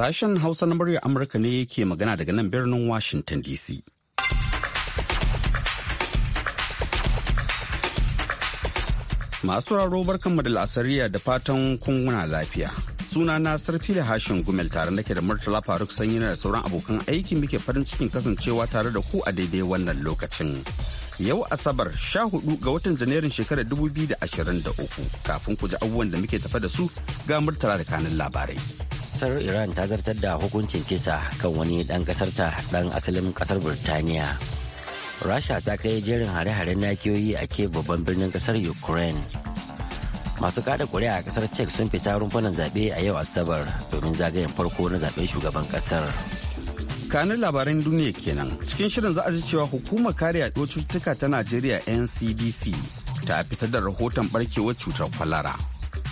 Sashen Hausa na murya Amurka ne ke magana daga nan birnin Washington DC. Masu raro barkan da la'asariya da fatan kunguna lafiya. Suna na sarfi da hashin gumel tare nake da Murtala Faruk sanyi da sauran abokan aiki muke farin cikin kasancewa tare da ku a daidai wannan lokacin. Yau Asabar sha hudu ga watan Janairun shekarar 2023 kafin ku ji abubuwan da muke tafa da su ga Murtala da kanin labarai. kasar iran ta zartar da hukuncin kisa kan wani dan kasarta dan asalin kasar burtaniya rasha ta kai jerin hare-haren nakiyoyi a ke babban birnin kasar ukraine masu kada kuri'a a kasar czech sun fita rumfunan zaɓe a yau asabar domin zagayen farko na zaɓen shugaban kasar kanin labaran duniya kenan cikin shirin za a ji cewa hukumar kare yaɗuwar cututtuka ta najeriya ncdc ta fitar da rahoton barkewar cutar kwalara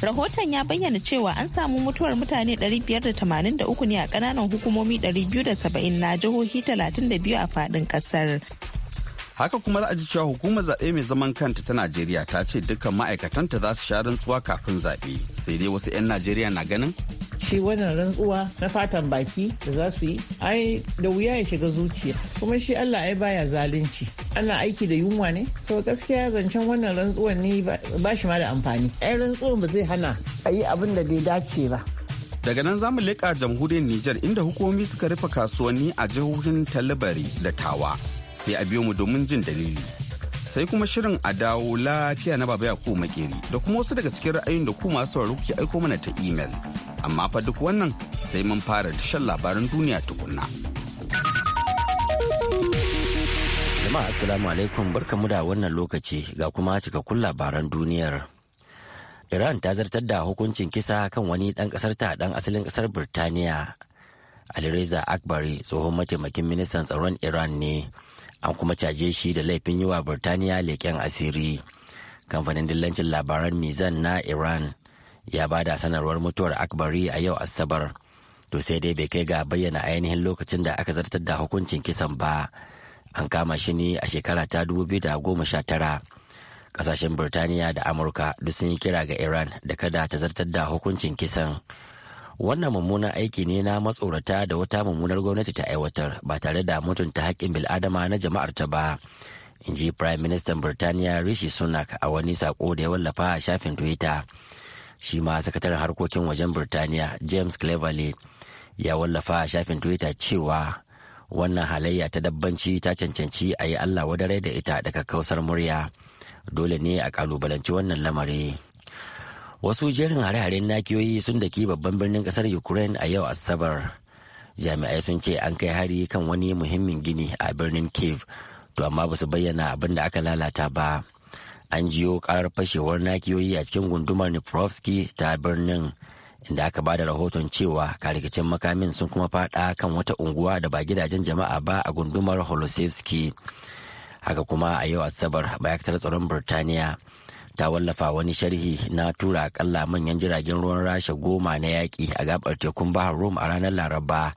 rahoton ya bayyana cewa an samu mutuwar mutane 583 ne a kananan hukumomi 270 na jihohi 32 a fadin kasar haka kuma za a ji cewa hukumar zaɓe mai zaman kanta ta najeriya ta ce dukkan ma'aikatanta za su sha rantsuwa kafin zaɓe sai dai wasu 'yan najeriya na ganin shi wannan rantsuwa na fatan baki da za su yi ai da wuya ya shiga zuciya kuma shi allah ai baya zalunci ana aiki da yunwa ne so gaskiya zancen wannan rantsuwan ne ba shi ma da amfani ai rantsuwan ba zai hana a yi abin da bai dace ba daga nan zamu leƙa jamhuriyar nijar inda hukumomi suka rufe kasuwanni a jihohin talibari da tawa sai a biyo mu domin jin dalili. Sai kuma shirin a dawo lafiya na baba yakubu makeri da kuma wasu daga cikin ra'ayin da kuma masu sauraro ke aiko mana ta imel. Amma fa duk wannan sai mun fara da shan labaran duniya tukunna. Jama'a Assalamu alaikum barkamu da wannan lokaci ga kuma cikakkun labaran duniyar. Iran ta zartar da hukuncin kisa kan wani ɗan ƙasar ta ɗan asalin ƙasar Birtaniya. Alireza Akbari tsohon mataimakin ministan tsaron Iran ne an kuma caje shi da laifin yi wa birtaniya leƙen asiri kamfanin dillancin labaran mizan na iran ya ba da sanarwar mutuwar akbari a yau asabar to sai dai bai kai ga bayyana ainihin lokacin da aka zartar da hukuncin kisan ba an kama shi ne a shekara ta tara. kasashen birtaniya da amurka duk sun yi kira ga iran da kada ta zartar da hukuncin kisan wannan mummunan aiki ne na matsorata da wata mummunar gwamnati ta aiwatar ba tare da mutunta haƙƙin bil'adama na jama'ar ta ba in ji prime minister birtaniya rishi sunak a wani sako da ya wallafa a shafin twitter shi ma sakataren harkokin wajen birtaniya james cleverly ya wallafa a shafin twitter cewa wannan halayya ta dabbanci ta cancanci a yi allah wadare da ita daga kausar murya dole ne a kalubalanci wannan lamari. wasu jerin hare-haren nakiyoyi sun daki babban birnin kasar ukraine a yau asabar jami'ai sun ce an kai hari kan wani muhimmin gini a birnin kiev to amma ba su bayyana abin da aka lalata ba an jiyo karar fashewar nakiyoyi a cikin gundumar niprovsky ta birnin inda aka ba da rahoton cewa karikacin makamin sun kuma fada kan wata unguwa da ba gidajen jama'a ba a gundumar holosevsky haka kuma a yau asabar ma'aikatar tsaron birtaniya ta wallafa wani sharhi na tura akalla manyan jiragen ruwan rasha goma na yaki a gabar tekun bahar rum a ranar laraba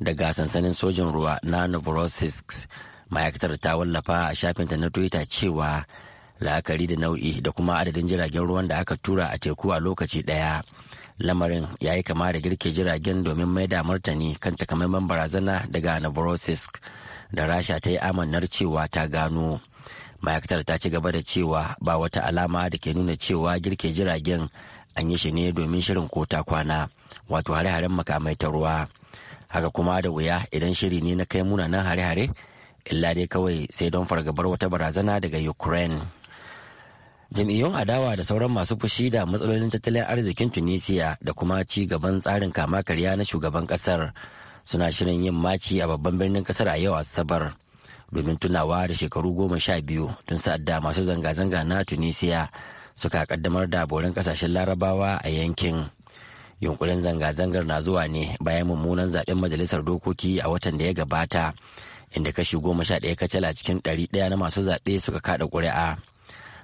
daga sansanin sojin ruwa na novorossiysk ma'aikatar ta wallafa a shafinta na twitter cewa la'akari da nau'i da kuma adadin jiragen ruwan da aka tura a teku a lokaci ɗaya lamarin ya yi kama da girke jiragen domin mai da martani kan takamaiman barazana daga novorossiysk da rasha ta yi amannar cewa ta gano ma'aikatar ta ci gaba da cewa ba wata alama da ke nuna cewa girke jiragen an yi shi ne domin shirin kota kwana wato hare-haren makamai ta ruwa haka kuma da wuya idan shiri ne na kai munanan hare-hare illa dai kawai sai don fargabar wata barazana daga ukraine jam'iyyun adawa da sauran masu fushi da matsalolin tattalin arzikin tunisia da kuma ci gaban tsarin kama karya na shugaban kasar suna shirin yin maci a babban birnin kasar a yau asabar domin tunawa da shekaru goma sha biyu tun sa'adda masu zanga-zanga na tunisiya suka kaddamar da boran kasashen larabawa a yankin yunkurin zanga-zangar na zuwa ne bayan mummunan zaben majalisar dokoki a watan da ya gabata inda kashi goma sha ɗaya kacala cikin ɗari ɗaya na masu zaɓe suka kaɗa ƙuri'a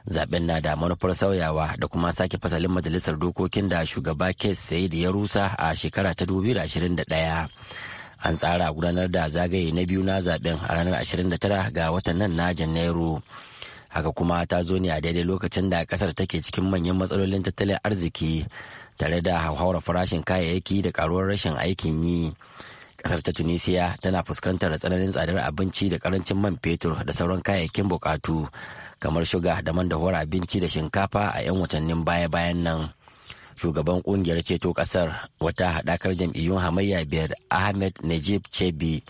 zaben na da manufar sauyawa da kuma sake fasalin majalisar dokokin da shugaba kes sai da ya rusa a shekara ta 2021 an tsara gudanar da zagaye na biyu na zaben a ranar 29 ga watan nan na janairu haka kuma ta zo ne a daidai lokacin da kasar take cikin manyan matsalolin tattalin arziki tare da hauhawar farashin kayayyaki da karuwar rashin aikin yi kasar ta tunisia tana fuskantar tsananin tsadar abinci da karancin man fetur da sauran kayayyakin bukatu kamar shuga da man abinci da shinkafa a 'yan watannin baya-bayan nan shugaban kungiyar ceto kasar wata hadakar jam'iyyun hamayya biyar ahmed najib chebi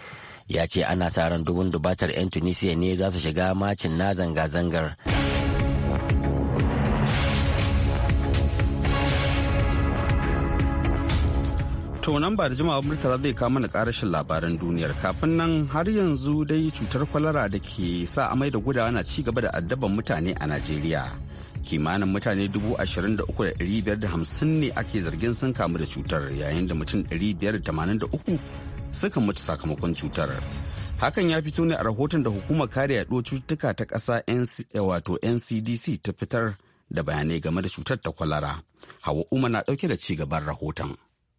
ya ce ana sa ran dubun dubatar 'yan tunisia ne za su shiga macin na zanga-zangar to nan ba da jimawa murtala zai kawo mana karashin labaran duniyar kafin nan har yanzu dai cutar kwalara da ke sa amai da gudawa na ci gaba da addaban mutane a najeriya kimanin mutane 23,550 ne ake zargin sun kamu da cutar yayin da mutum 583 suka mutu sakamakon cutar. Hakan ya fito ne a rahoton da hukumar kare yaduwar cututtuka ta ƙasa eh, wato NCDC ta fitar da bayanai game da cutar ta kwalara. Hawa Umar na ɗauke da ci gaban rahoton.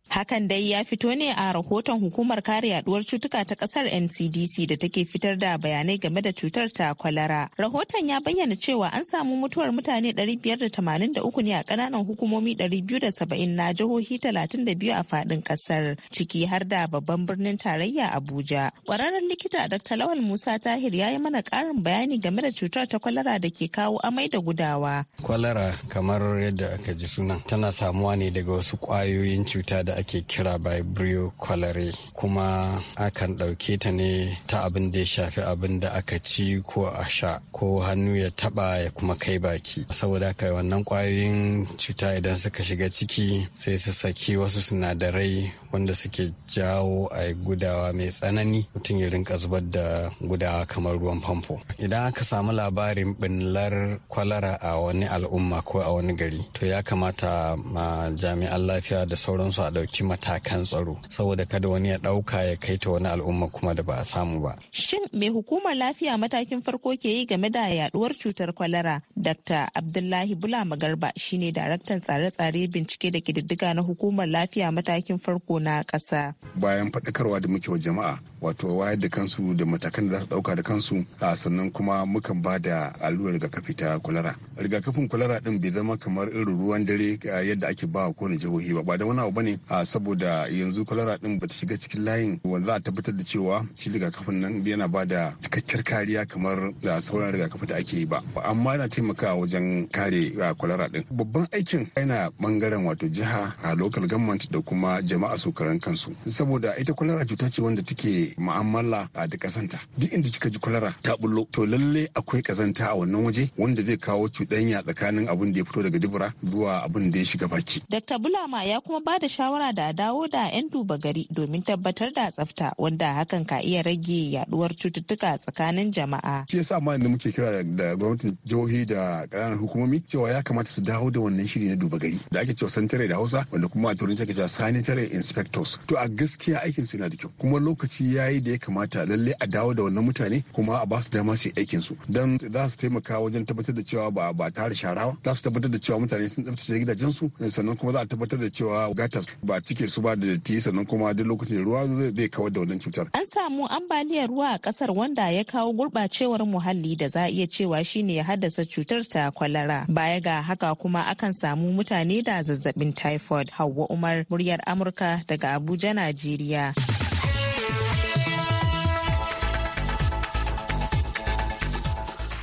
Hakan dai ya fito ne a rahoton hukumar kare yaduwar cutuka ta kasar NCDC da take fitar da bayanai game da cutar ta kwalara. Rahoton ya bayyana cewa an samu mutuwar mutane 583 ne a kananan hukumomi 270 na jihohi 32 a fadin kasar ciki har da babban birnin tarayya Abuja. Kwararren likita Dr. Lawal Musa Tahir ya yi mana karin bayani game da cutar ta kwalara da ke kawo amai da gudawa. Kwalara kamar yadda aka ji sunan tana samuwa ne daga wasu kwayoyin cuta da ake kira brio kwalare kuma akan ɗauke ta ne ta abin da ya shafi abin da aka ci ko a sha ko hannu ya taɓa ya kuma kai baki saboda haka wannan kwayoyin cuta idan suka shiga ciki sai su saki wasu sinadarai wanda suke jawo a gudawa mai tsanani mutum ya rinka zubar da gudawa kamar ruwan famfo idan aka samu labarin ɓinlar kwalara a wani al'umma ko a wani gari to ya kamata ma jami'an lafiya da sauransu a ɗauke. ɗauki matakan tsaro saboda kada wani ya ɗauka ya kai ta wani al'umma kuma da ba a samu ba. Shin me hukumar lafiya matakin farko ke yi game da yaduwar cutar kwalara? Dr. Abdullahi Bula Magarba shine daraktan tsare-tsare bincike da kididdiga na hukumar lafiya matakin farko na ƙasa. Bayan faɗakarwa da muke wa jama'a wato wayar da kansu da matakan da za su ɗauka da kansu sannan kuma mukan ba da allurar rigakafi ta kwalara rigakafin kwalara din bai zama kamar irin ruwan dare yadda ake ba kowane jihohi ba ba da wani abu bane saboda yanzu kwalara din bata shiga cikin layin wanda za a tabbatar da cewa shi rigakafin nan yana ba da cikakkiyar kariya kamar da sauran rigakafin da ake yi ba amma yana taimakawa wajen kare kwalara din babban aikin yana bangaren wato jiha a local government da kuma jama'a su karan kansu saboda ita kwalara cuta ce wanda take mu'amala da kasanta duk inda kika ji kwalara ta bullo to lalle akwai kazanta a wannan waje wanda zai kawo cuta cuɗanya tsakanin abin da ya fito daga dubura zuwa abin da ya shiga baki. Dr. Bulama ya kuma ba da shawara da a dawo da 'yan duba gari domin tabbatar da tsafta wanda hakan ka iya rage yaduwar cututtuka tsakanin jama'a. Shi yasa ma yanzu muke kira da gwamnatin jihohi da ƙananan hukumomi cewa ya kamata su dawo da wannan shiri na duba gari da ake cewa santare da Hausa wanda kuma a turanci ake cewa sanitary inspectors. To a gaskiya aikin su yana da kyau kuma lokaci ya yi da ya kamata lalle a dawo da wannan mutane kuma a ba su dama su yi aikin su don za su taimaka wajen tabbatar da cewa ba ba tare shara ba za su tabbatar da cewa mutane sun tsabtace gidajensu sannan kuma za a tabbatar da cewa gatas ba cike su ba da datti sannan kuma duk lokacin da ruwa zai kawar da wannan cutar. An samu ambaliyar ruwa a kasar wanda ya kawo gurɓacewar muhalli da za a iya cewa shine ya haddasa cutar ta kwalara. Baya ga haka kuma akan samu mutane da zazzabin typhoid. Hauwa Umar muryar Amurka daga Abuja, Najeriya.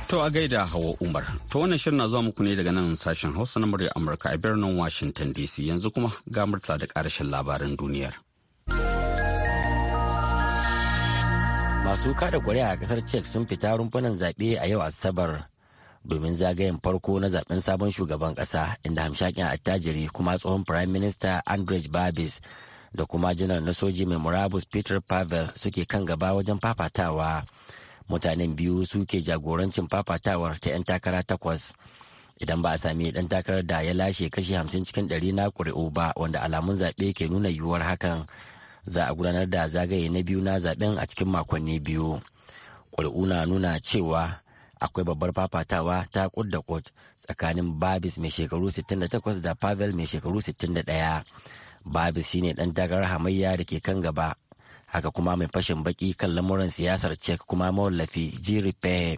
To a gaida Hawa Umar. To wannan shirin na zuwa muku ne daga nan sashen Hausa na murya Amurka a birnin Washington DC yanzu kuma ga murtala da karashin labaran duniyar. Masu kada kuri'a a kasar Czech sun fita rumfunan zaɓe a yau Asabar domin zagayen farko na zaɓen sabon shugaban ƙasa inda hamshakin attajiri kuma tsohon Prime Minister Andrej Babis da kuma janar na soji mai murabus Peter Pavel suke kan gaba wajen fafatawa. mutanen biyu suke jagorancin fafatawar ta 'yan takara takwas idan ba a sami dan takarar da ya lashe kashi hamsin cikin ɗari na ƙuri'u ba wanda alamun zaɓe ke nuna yiwuwar hakan za a gudanar da zagaye na biyu na zaɓen a cikin makonni biyu ƙuri'u na nuna cewa akwai babbar fafatawa ta kud da kud tsakanin babis mai shekaru 68 da pavel mai shekaru 61 babis shine dan takarar hamayya da ke kan gaba haka kuma mai fashin baki kan lamuran siyasar cek kuma mawallafi jiri pe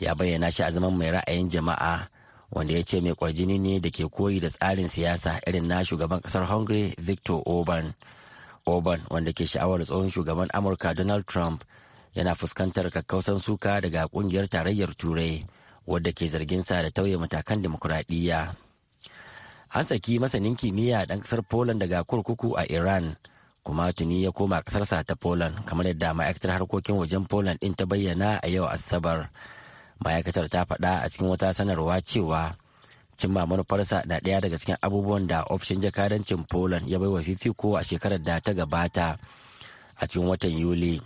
ya bayyana shi a zaman mai ra'ayin jama'a wanda ya ce mai kwarjini ne da ke koyi da tsarin siyasa irin na shugaban kasar hungary victor orban orban wanda ke sha'awar tsohon shugaban amurka donald trump yana fuskantar kakkausan suka daga kungiyar tarayyar turai wadda ke zargin sa da tauye matakan dimokuraɗiyya an saki masanin kimiyya ɗan ƙasar poland daga kurkuku a iran kuma tuni ya koma ƙasarsa ta poland kamar yadda ma'aikatar harkokin wajen poland din ta bayyana a yau asabar ma'aikatar ta faɗa a cikin wata sanarwa cewa cimma manufarsa na ɗaya daga cikin abubuwan da ofishin jakadancin poland ya bai wa fifiko a shekarar da ta gabata a cikin watan yuli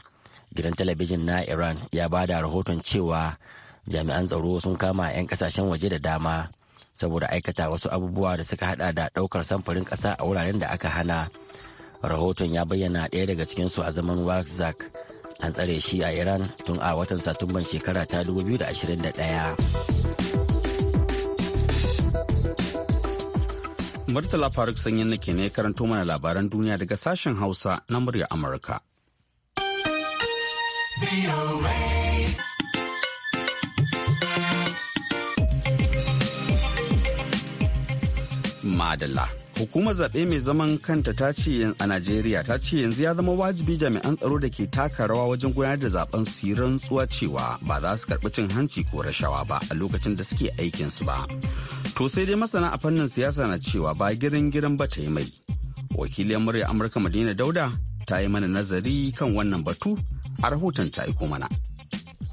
gidan talabijin na iran ya ba da rahoton cewa jami'an tsaro sun kama 'yan kasashen waje da dama saboda aikata wasu abubuwa da suka hada da ɗaukar samfurin ƙasa a wuraren da aka hana rahoton ya bayyana ɗaya daga cikinsu a zaman warzak an tsare shi a iran tun a watan satumban shekara ta 2021 Murtala Faruk Sanyin nake ne karanto mana labaran duniya daga sashen Hausa na murya Amurka. Madalla. hukumar zaɓe mai zaman kanta ta ce a najeriya ta ce yanzu ya zama wajibi jami'an tsaro da ke taka rawa wajen gudanar da zaben su rantsuwa cewa ba za su karɓi cin hanci ko rashawa ba a lokacin da suke aikin su ba to sai dai masana a fannin siyasa na cewa ba girin girin ba ta yi mai wakilin murya amurka madina dauda ta yi mana nazari kan wannan batu a rahoton ta aiko mana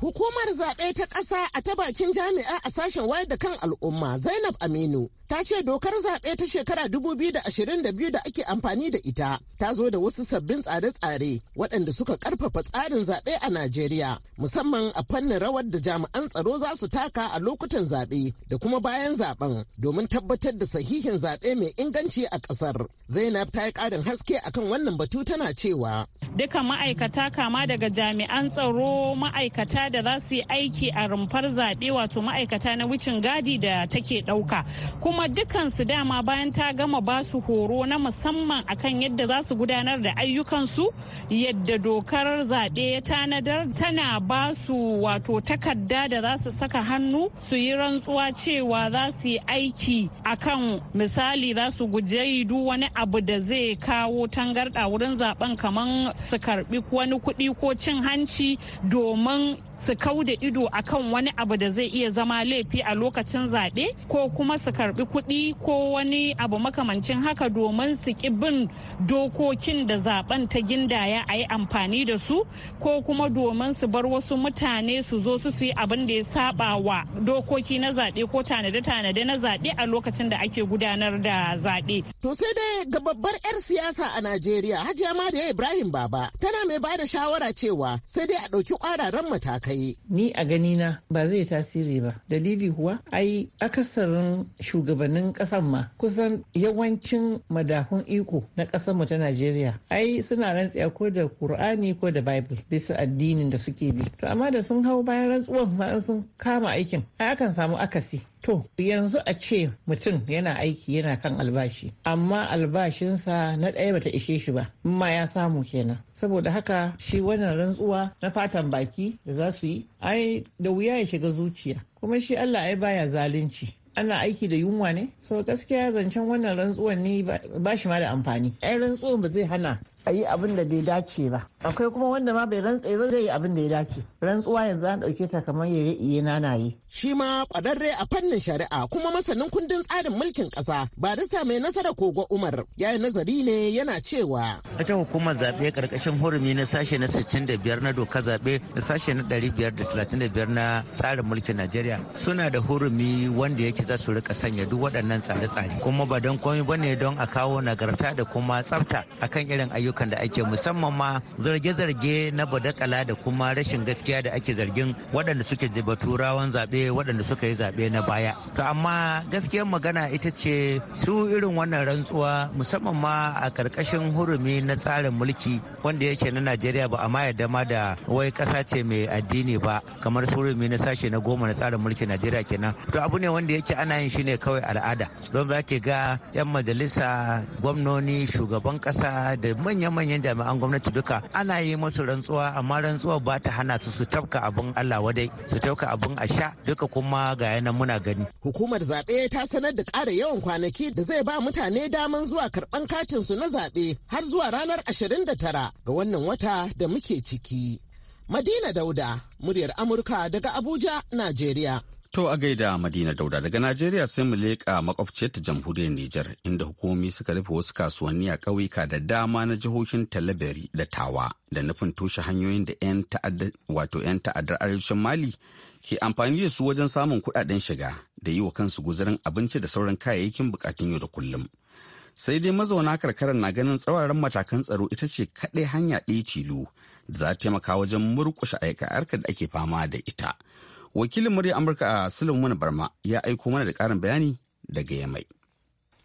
Hukumar zaɓe ta ƙasa a ta bakin jami'a a sashen wayar da kan al'umma Zainab Aminu ta ce dokar zaɓe ta shekara 2022 da ake amfani da ita ta zo da wasu sabbin tsare-tsare waɗanda suka ƙarfafa tsarin zaɓe a Najeriya musamman a fannin rawar da jami'an tsaro za su taka a lokutan zaɓe da kuma bayan zaɓen domin tabbatar da sahihin zaɓe mai inganci a ƙasar. Zainab ta yi ƙarin haske akan wannan batu tana cewa. Duka ma'aikata kama daga jami'an tsaro ma'aikata da za su yi aiki a rumfar zaɓe wato ma'aikata na wucin gadi da take ɗauka. Kuma kuma dukansu dama bayan ta gama ba su horo na musamman akan yadda za su gudanar da ayyukansu yadda dokar zaɓe ya tanadar tana ba su wato takarda da za su saka hannu su yi rantsuwa cewa za su yi aiki akan misali za su guji duk wani abu da zai kawo tangarɗa wurin zaben kamar su karbi wani kuɗi ko cin hanci domin su kau da ido akan wani abu da zai iya zama laifi a lokacin zaɓe ko kuma su karɓi kuɗi ko wani abu makamancin haka domin su ki bin dokokin da zaben ta gindaya a yi amfani da su ko kuma domin su bar wasu mutane su zo su su yi abin da ya saɓa wa dokoki na zaɓe ko tanade-tanade na zaɓe a lokacin da ake gudanar da zaɓe. To sai dai ga babbar 'yar siyasa a Najeriya Hajiya Mariya Ibrahim Baba tana mai bada shawara cewa sai dai a ɗauki ƙwararren matakai. Ni a ganina ba zai tasiri ba. Dalili kuwa ai akasarin shugabannin ƙasan ma kusan yawancin madafun iko na ƙasar mu ta Najeriya. Ai suna rantsiya ko da Kur'ani ko da Bible bisa addinin da suke bi. To amma da sun hau bayan rantsuwan ma sun kama aikin. Ai akan samu akasi. To yanzu a ce mutum yana aiki yana kan albashi, amma albashinsa na ɗaya bata ishe shi ba, ma ya samu kenan. Saboda haka shi wannan rantsuwa na fatan baki da za su yi, ai da wuya ya shiga zuciya. Kuma shi Allah ai baya zalunci. ana aiki da yunwa ne so gaskiya zancen wannan rantsuwan ne ba shi ma da amfani ai rantsuwan ba zai hana a yi abin da bai dace ba akwai kuma wanda ma bai rantse ba zai yi abin da ya dace rantsuwa yanzu an dauke ta kamar yare iye na, yi shi ma ƙwararre a fannin shari'a kuma masanin kundin tsarin mulkin kasa ƙasa barista mai nasara kogo umar ya nazari ne yana cewa. ita hukumar zaɓe karkashin hurumi na sashe na 65 na doka zaɓe na sashe na 535 na tsarin mulkin najeriya suna da hurumi wanda yake za su rika sanya duk waɗannan tsare-tsare kuma ba don komai ba ne don a kawo nagarta da kuma tsafta akan irin ayyuka ayyukan da ake musamman ma zarge-zarge na badakala da kuma rashin gaskiya da ake zargin waɗanda suke da baturawan zaɓe waɗanda suka yi zaɓe na baya to amma gaskiyar magana ita ce su irin wannan rantsuwa musamman ma a karkashin hurumi na tsarin mulki wanda yake na najeriya ba a ma yarda da wai ƙasa ce mai addini ba kamar hurumi na sashe na goma na tsarin mulkin najeriya kenan to abu ne wanda yake ana yin shi ne kawai al'ada don za ga 'yan majalisa gwamnoni shugaban ƙasa da manyan manyan jami'an gwamnati duka ana yi masu rantsuwa amma rantsuwa ba ta hana su su tafka abin Allah wadai su tafka abin a sha duka kuma ga yanan muna gani. Hukumar zaɓe ta sanar da ƙara yawan kwanaki da zai ba mutane daman zuwa karɓan katin su na zaɓe har zuwa ranar 29 ga wannan wata da muke ciki. Madina Dauda, muryar Amurka daga Abuja, Najeriya. To a gaida Madina Dauda daga Najeriya sai mu leƙa makwabciyar ta jamhuriyar Nijar inda hukumomi suka rufe wasu kasuwanni a ƙauyuka da dama na jihohin Talabari da Tawa da nufin toshe hanyoyin da 'yan ta'addar arewacin Mali ke amfani da su wajen samun kuɗaɗen shiga da yi wa kansu guzarin abinci da sauran kayayyakin bukatun yau da kullum. Sai dai mazauna karkarar na ganin tsauraran matakan tsaro ita ce kaɗai hanya ɗaya tilo da za ta taimaka wajen murƙushe aika da ake fama da ita. wakilin murya amurka a sulaiman barma ya aiko mana da karin bayani daga yamai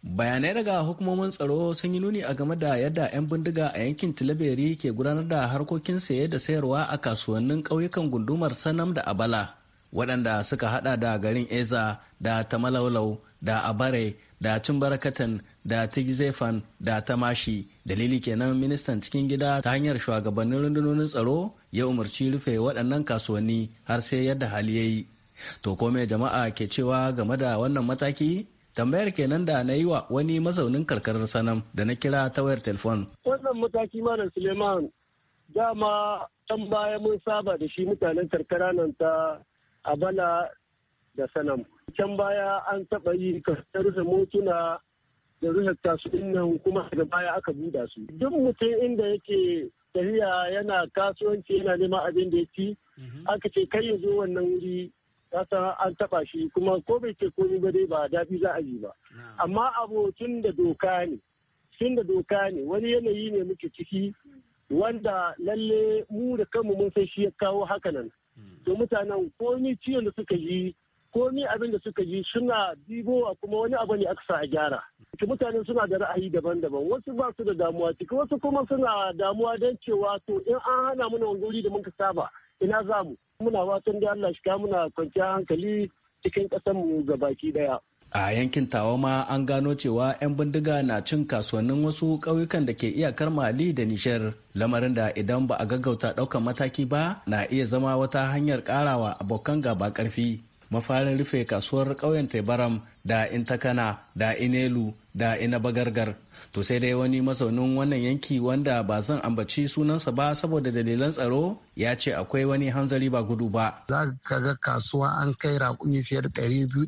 bayanai daga hukumomin tsaro sun yi nuni a game da yadda 'yan bindiga a yankin tilaberi ke gudanar da harkokin saye da sayarwa a kasuwannin ƙauyukan gundumar sanam da abala waɗanda suka hada da garin eza da tamalaulau da abare da cin cimbarakatan da tigzefan da tamashi dalili kenan ministan cikin gida ta hanyar shugabannin rundunonin tsaro ya umarci rufe waɗannan kasuwanni har sai yadda hali ya yi to kome jama'a ke cewa game da wannan mataki tambayar kenan da na yi wa wani mazaunin karkarar sanam da na kira ta wayar telefon wannan mataki malam suleiman dama can baya mun saba da shi mutanen karkara nan ta a Bala da sanam can baya an taɓa yi ta rufe motuna da rufe kasuwannin kuma daga baya aka buɗa su duk mutum inda yake tafiya yana kasuwanci yana neman abin da ya ci mhm. aka ce kai ya zo wannan wuri kasa an taɓa shi kuma ko bai ce komai ba dai ba dafi za a yi ba amma abu da doka ne tun da doka ne wani yanayi ne muke ciki wanda lalle mu da kanmu mun san shi ya kawo haka hakanan to mutanen komi ciwon da suka yi komi abin da suka yi suna dibowa kuma wani abu ne aka sa a gyara ki mutane suna da ra'ayi daban-daban wasu ba su da damuwa ciki wasu kuma suna damuwa don cewa to in an hana mana wanzuri da muka saba ina za mu muna watan da Allah shi muna kwanciyar hankali cikin ƙasar mu ga baki daya a yankin tawa ma an gano cewa 'yan bindiga na cin kasuwannin wasu ƙauyukan da ke iyakar mali da nishar lamarin da idan ba a gaggauta ɗaukan mataki ba na iya zama wata hanyar ƙarawa abokan gaba ƙarfi mafarin rufe kasuwar ƙauyen tebaram da intakana da inelu da bagargar to sai dai wani mazaunin wannan yanki wanda ba zan ambaci sunansa ba saboda dalilan tsaro ya ce akwai wani hanzari ba gudu ba za ka ga kasuwa an kai raƙumi fiye da ɗari biyu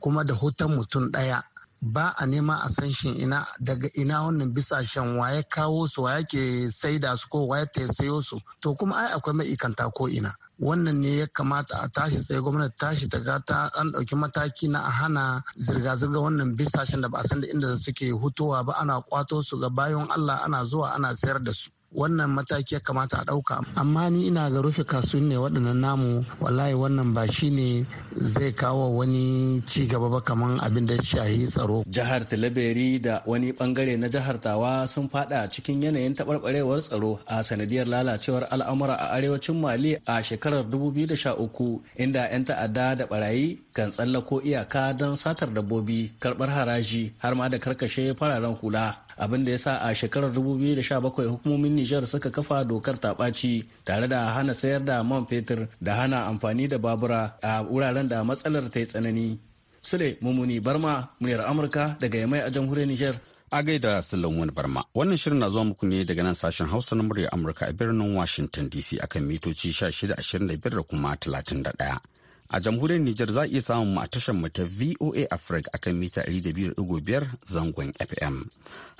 kuma da hutan mutum ɗaya ba a nema a san shin ina daga ina wannan bisashen waye kawo su waye ke saida su ko waye ta sayo su to kuma ai akwai ma'ikanta ko ina wannan ne ya kamata a tashi tsaye gwamnati tashi ta gata an ɗauki mataki na a hana zirga-zirga wannan bisashen da ba a san da inda suke hutowa ba ana kwato su ga bayan Allah ana zuwa ana sayar da su wannan mataki ya kamata a ɗauka amma ni ina ga rufe kasuwanni ne waɗannan namu wallahi wannan ba shi ne zai kawo wani ci gaba ba kamar abin da ya shahi tsaro jihar talaberi da wani bangare na jihar tawa sun fada cikin yanayin taɓarɓarewar tsaro a sanadiyar lalacewar al'amura a arewacin mali a shekarar 2013 inda 'yan ta'adda da barayi kan tsallako iyaka don satar dabbobi karbar haraji har ma da karkashe fararen hula abin da ya sa a shekarar 2017 hukumomin Nijar suka kafa dokar taɓaci tare da hana sayar da man fetur da hana amfani da babura a wuraren da matsalar ta yi tsanani. Sule Mumuni Barma, muryar Amurka daga Yamai a jamhuriyar Nijar. A gaida Sulan wani Barma, wannan shirin na zuwa muku ne daga nan sashen Hausa na muryar Amurka a birnin Washington DC akan mitoci 25 da kuma 31. A jamhuriyar Nijar za a iya samun mu a mu ta VOA Africa akan mita 200.5 zangon FM.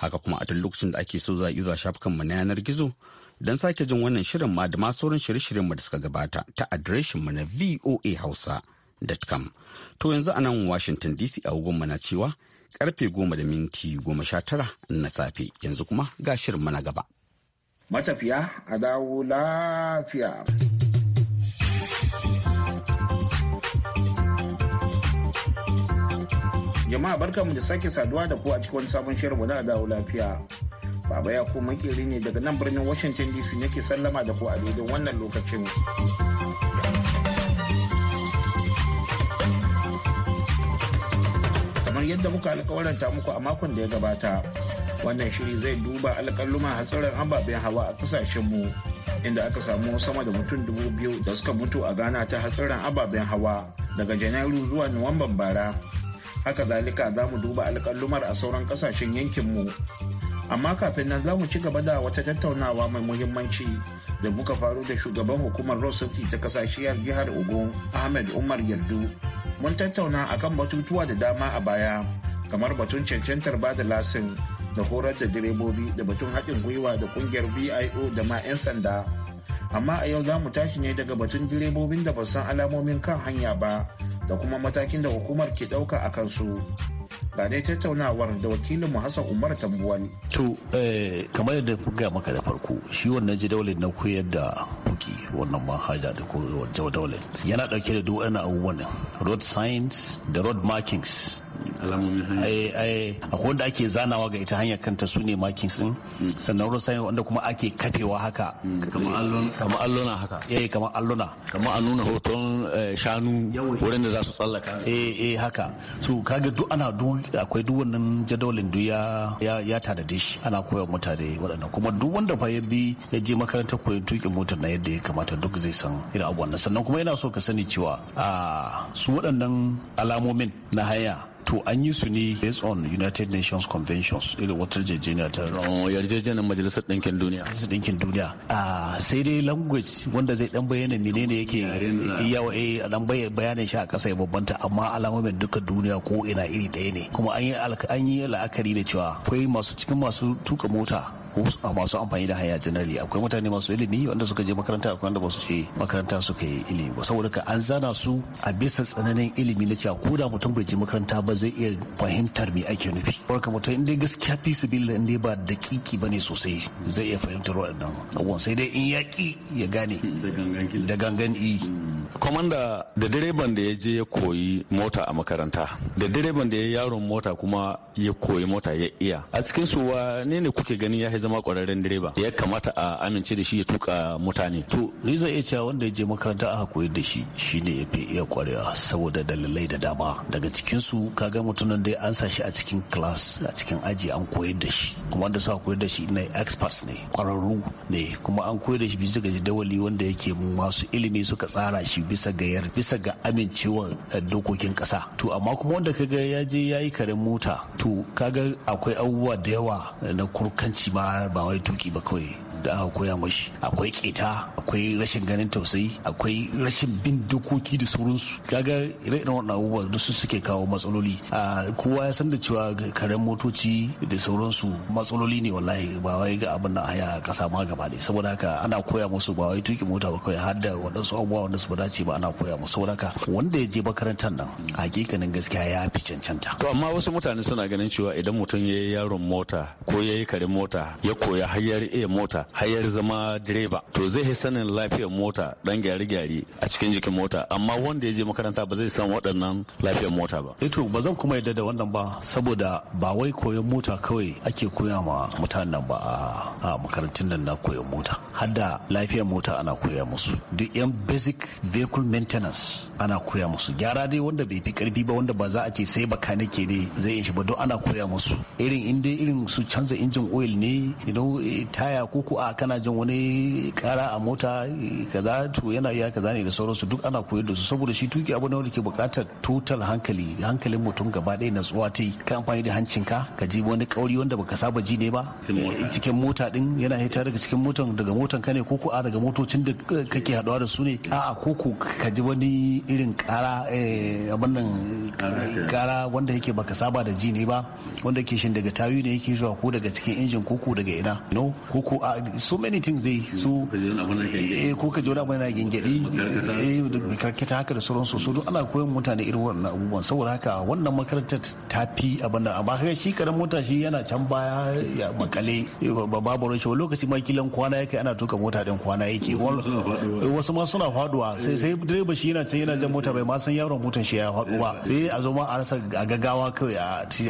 Haka kuma a duk lokacin da ake so za a yi zuwa shafukan mu na yanar gizo don sake jin wannan shirin ma da sauran shirye-shiryen mu da suka gabata ta adireshin mu na voahausa.com. To yanzu a nan Washington DC a mu na cewa karfe goma da minti goma sha tara na safe yanzu kuma ga shirin mana gaba. Matafiya a dawo lafiya. Jama'a barkanmu da sake saduwa da ku a cikin wani sabon shirin wani dawo lafiya. Baba ya ko makeri ne daga nan birnin Washington DC yake sallama da ku a daidai wannan lokacin. Kamar yadda muka alkawaranta muku a makon da ya gabata, wannan shiri zai duba alkaluma hatsarin ababen hawa a kasashenmu. mu. inda aka samu sama da mutum dubu biyu da suka mutu a ghana ta hatsarin ababen hawa daga janairu zuwa nuwamban bara haka zalika za mu duba alkalumar a sauran ƙasashen yankinmu amma kafin nan za mu ci gaba da wata tattaunawa mai muhimmanci da muka faru da shugaban hukumar rosati ta kasashiyar jihar ogun ahmed umar yardu mun tattauna akan batutuwa da dama a baya kamar batun cancantar bada lasin da horar da direbobi da batun haɗin gwiwa da ƙungiyar bio da ma 'yan sanda amma a yau za mu tashi ne daga batun direbobin da ba san alamomin kan hanya ba da kuma matakin da hukumar ke ɗauka a kansu. ba dai tattaunawar da wakilin mu Hassan Umar tambuwan. To eh, kamar yadda ku gaya maka da farko shi wannan jadawalin na koyar da buki wannan manhaja da ko jadawalin yana dauke da duk wani abubuwan road signs da road markings alamomin hanya akwai wanda ake zanawa ga ita hanyar kanta su ne makin sun mm. sannan wurin sanya wanda kuma ake kafewa haka mm, kamar alluna haka eh, eh kamar allona kamar a nuna hoton eh, shanu wurin da za su tsallaka eh eh haka su kaga duk ana duk akwai duk wannan jadawalin duk ya ya tanade shi ana koyar mutane waɗannan kuma duk wanda fa ya bi ya je makarantar koyon tuƙin motar na yadda ya kamata duk zai san irin abubuwan sannan kuma yana so ka sani cewa a ah, su waɗannan alamomin na haya to an yi su ne based on united nations conventions irin wata yarjejeniya ta oh, yarjejeniyar majalisar ɗinkin duniya majalisar ɗinkin duniya ah, sai dai language wanda zai dan bayyana ne yake yawa eh, a dan bayanin shi a ƙasa ya babbanta amma alamomin duka duniya ko ina iri ɗaya ne kuma an yi la'akari da cewa akwai masu cikin masu tuka mota masu amfani da haya generally akwai mutane masu ilimi wanda suka je makaranta akwai wanda ba su je makaranta suka yi ilimi ba saboda ka an zana su a bisa tsananin ilimi na cewa ko da mutum bai je makaranta ba zai iya fahimtar me ake nufi barka mutum in gaskiya fi su bila inda ba da kiki ne sosai zai iya fahimtar waɗannan abubuwan sai dai in ya ki ya gane da gangan i komanda hmm. da direban da ya je ya koyi mota a makaranta da direban da ya yaron mota kuma ya koyi mota ya iya a cikin su wa ne ne kuke ganin ya zama kwararren direba da ya kamata a amince da shi ya tuka mutane to ni iya cewa wanda ya je makaranta a koyar da shi shine ya fi iya kwarewa saboda dalilai da dama daga cikin su kaga mutumin da an sa shi a cikin class a cikin aji an koyar da shi kuma wanda suka koyar da shi ne experts ne kwararru ne kuma an koyar da shi bisa ga jadawali wanda yake masu ilimi suka tsara shi bisa ga yar bisa ga amincewar eh, dokokin kasa to amma kuma wanda kaga ya je ya yi karen mota to kaga akwai abubuwa da yawa eh, na kurkanci ma ba wai tuki ba kawai da aka koya mashi akwai keta akwai rashin ganin tausayi akwai rashin bin dokoki da sauransu kaga ire-iren wannan abubuwa da su suke kawo matsaloli a kowa ya san da cewa karen motoci da sauransu matsaloli ne wallahi ba wai ga abin nan haya kasa ma gaba ne saboda haka ana koya musu ba wai tuki mota ba kawai har da waɗansu abubuwa wanda su ba dace ba ana koya musu saboda haka wanda ya je makarantar nan hakikanin gaskiya ya fi cancanta to amma wasu mutane suna ganin cewa idan mutum ya yi yaron mota ko ya yi karen mota ya koya har ya iya mota hayar zama direba to zai yi sanin lafiyar mota dan gyare-gyare a cikin jikin mota amma wanda ya je makaranta ba zai san waɗannan lafiyar mota ba ito ba zan kuma yadda da wannan ba saboda ba wai koyon mota kawai ake koya ma mutanen ba a makarantun nan na koyon mota har da lafiyar mota ana koya musu duk yan basic vehicle maintenance ana koya musu gyara dai wanda bai fi karfi ba wanda ba za a ce sai bakanike ne zai yi shi ba don ana koya musu irin inda irin su canza injin oil ne idan eh, taya ko a kana jin wani kara a mota eh, kaza to yana iya kaza ne da sauransu duk ana koyar da su saboda shi tuki abu ne wanda ke bukatar total hankali hankalin mutum gaba ɗaya natsuwa ta yi ka amfani da hancinka ka ji wani kauri wanda baka saba ji ne ba cikin mota din eh, yana hita daga cikin motan daga motan ka ne ko ko a daga motocin da kake haɗuwa da su ne a'a ko ko ka ji wani irin kara eh, abin nan kara wanda yake baka saba da ji ne ba wanda ke shin daga tayu ne yake zuwa ko daga cikin injin ko ko daga ina no ko a so many things dai su ko ka jona bana gingedi yana gyangyaɗi karkata haka da sauran sauransu so ana koyon mutane irin wannan abubuwan saboda haka wannan makarantar ta fi abinda amma kaga shi karan mota shi yana can baya ya makale eh, babu rashin lokaci ma kilan kwana yake ana tuka mota din kwana yake wasu eh, ma suna faduwa sai sai direba shi yana can yana jan mota bai ma san yaron motar shi ya faɗu ba sai a zo ma a rasa a gaggawa kawai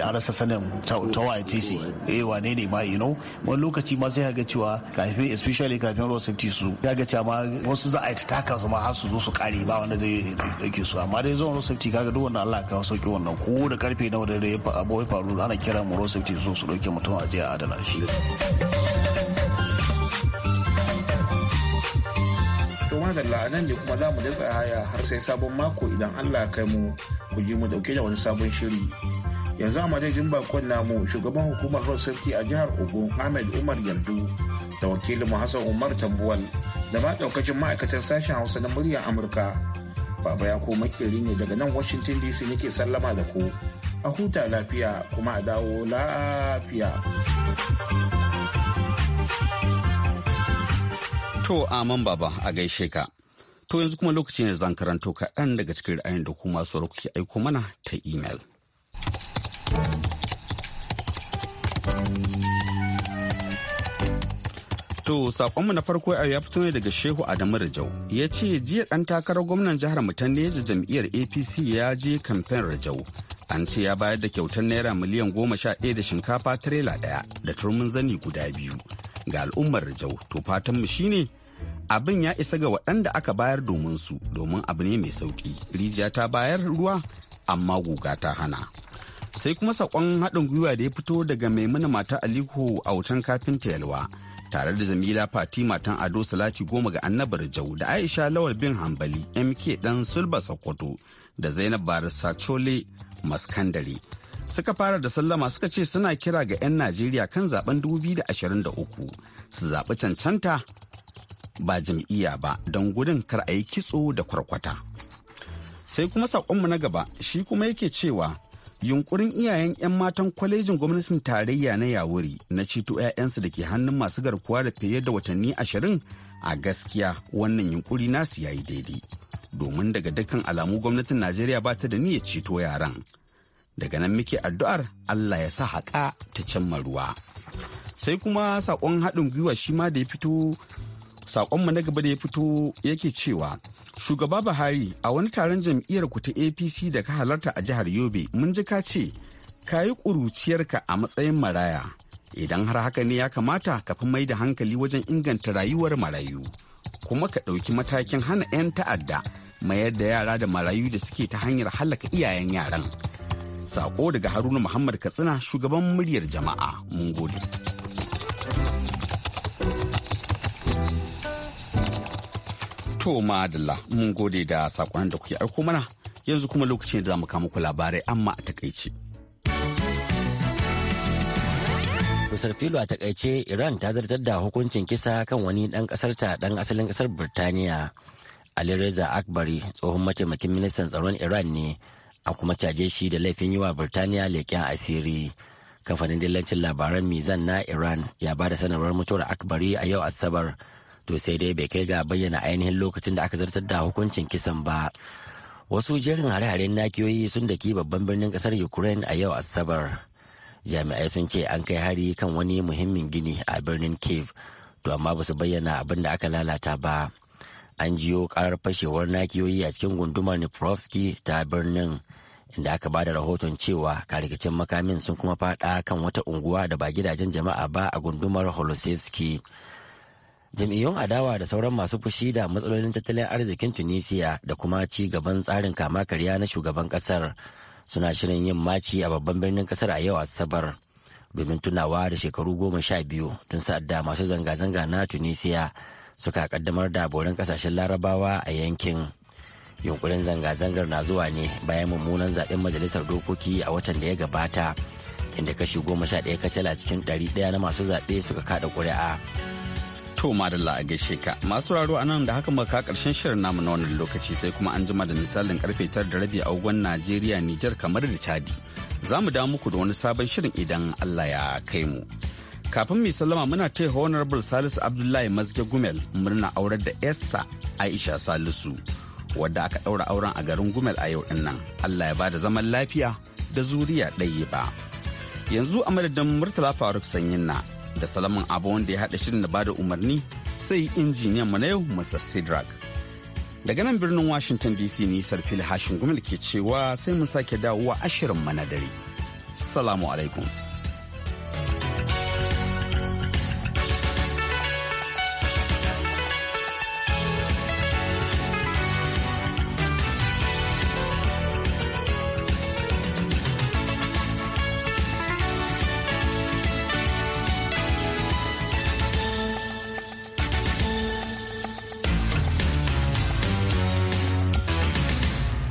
a rasa sanin tawa a tc eh wane ne ma you know wani lokaci ma sai ga cewa kafin especially kafin road safety su ya ga cewa wasu za a yi taka su ma har su zo su kare ba wanda zai dauke su amma dai zuwa road safety kaga duk wanda Allah ka kawo sauki wannan ko da karfe na wadda ya faɗa ya faru ana kira mu road safety su su dauke mutum a je a adana shi kuma nan ne kuma za mu da haya har sai sabon mako idan Allah ya kai mu ku ji mu dauke da wani sabon shiri yanzu a madadin bakon namu shugaban hukumar road sarki a jihar ogun ahmed umar yardu da wakilin hassan umar tambuwal da ma daukacin ma'aikatan sashen hausa na muryar amurka baba ya koma makeri ne daga nan washington dc yake sallama da ku a huta lafiya kuma a dawo lafiya to aman baba a gaishe ka to yanzu kuma lokacin da zan karanto kaɗan daga cikin ra'ayin da kuma masu kuke aiko mana ta imel. To saƙonmu na farko a ya fito ne daga Shehu Adamu Rajau. Ya ce jiya ɗan takarar gwamnan jihar Mutanneja jam'iyyar APC ya je kamfen Rajau. An ce ya bayar da kyautar naira miliyan goma sha ɗaya da shinkafa tirela ɗaya da turmin zani guda biyu ga al'ummar Rajau. To fatanmu shi ne abin ya isa ga waɗanda aka bayar domin su domin abu ne mai sauƙi. Rijiya ta bayar ruwa amma guga ta hana. sai kuma sakon haɗin gwiwa da ya fito daga maimuna mata aliko a wutan kafinta yalwa tare da zamila fatima tan ado salati goma ga annabar jau da aisha lawal bin hambali mk dan sulba sokoto da zainab barisa chole maskandare suka fara da sallama suka ce suna kira ga 'yan najeriya kan zaben 2023 su zaɓi cancanta ba jam'iyya ba don gudun kar a yi kitso da kwarkwata sai kuma saƙonmu na gaba shi kuma yake cewa yunkurin iyayen 'yan matan kwalejin gwamnatin tarayya na yawuri na ceto 'ya'yansu da ke hannun masu garkuwa da fiye da watanni ashirin a gaskiya wannan yunkuri nasu yayi daidai domin daga dukkan alamu gwamnatin najeriya ba ta da niyyar ceto yaran daga nan muke addu'ar allah ya sa haƙa ta cimma ruwa sai kuma saƙon haɗin gwiwa shi ma da ya fito sakonmu na gaba da ya fito yake cewa shugaba buhari a wani taron jam'iyyar ku ta apc da ka halarta a jihar yobe mun ji ka ce ka yi ƙuruciyarka a matsayin maraya idan har haka ne ya kamata ka fi mai da hankali wajen inganta rayuwar marayu kuma ka ɗauki matakin hana 'yan ta'adda mayar da yara da marayu da suke ta hanyar halaka iyayen yaran sako daga haruna muhammad katsina shugaban muryar jama'a mun gode. To madalla mun gode da sakon da kuke aiko mana yanzu kuma lokacin da za mu muku labarai amma a takaice. Kusur filo a takaice Iran ta zartar da hukuncin kisa kan wani ɗan ƙasarta dan asalin ƙasar Birtaniya. reza Akbari tsohon mataimakin ministan tsaron Iran ne a kuma caje shi da laifin yi wa Birtaniya leƙen asiri. Kamfanin dillancin labaran Mizan na Iran ya ba da sanarwar mutuwar Akbari a yau Asabar. to sai dai bai kai ga bayyana ainihin lokacin da aka zartar da hukuncin kisan ba wasu jerin hare-haren nakiyoyi sun daki babban birnin kasar ukraine a yau asabar jami'ai sun ce an kai hari kan wani muhimmin gini a birnin kiev to amma ba su bayyana abin da aka lalata ba an jiyo karar fashewar nakiyoyi a cikin gundumar niprovsky ta birnin inda aka ba da rahoton cewa karikacin makamin sun kuma fada kan wata unguwa da ba gidajen jama'a ba a gundumar holosevsky jam'iyyun adawa da sauran masu fushi da matsalolin tattalin arzikin tunisia da kuma ci gaban tsarin kama karya na shugaban kasar suna shirin yin maci a babban birnin kasar a yau asabar domin tunawa da shekaru goma sha biyu tun sa'adda masu zanga-zanga na tunisia suka kaddamar da borin kasashen larabawa a yankin yunkurin zanga-zangar na zuwa ne bayan mummunan zaɓen majalisar dokoki a watan da ya gabata inda kashi goma sha ɗaya kacal a cikin ɗari ɗaya na masu zaɓe suka kaɗa ƙuri'a To madalla a gaishe ka masu raro a nan da haka maka karshen shirin namu na wannan lokaci sai kuma an jima da misalin karfe tara da rabi a ugon Najeriya Nijar kamar da Chadi. Za mu damu ku da wani sabon shirin idan Allah ya kai mu. Kafin mai sallama muna taya Honorable Salisu Abdullahi Mazge Gumel murna aurar da Essa Aisha Salisu wadda aka ɗaura auren a garin Gumel a yau din nan. Allah ya ba da zaman lafiya da zuriya ɗaya ba. Yanzu a madadin Murtala Faruk Sanyin na da salaman abu wanda ya haɗa shirin da bada umarni sai injiniyan mu na yau mr sidrak daga nan birnin washington dc ni sarfil hashin gumil ke cewa sai mu sake dawowa ashirin mana dare salamu alaikum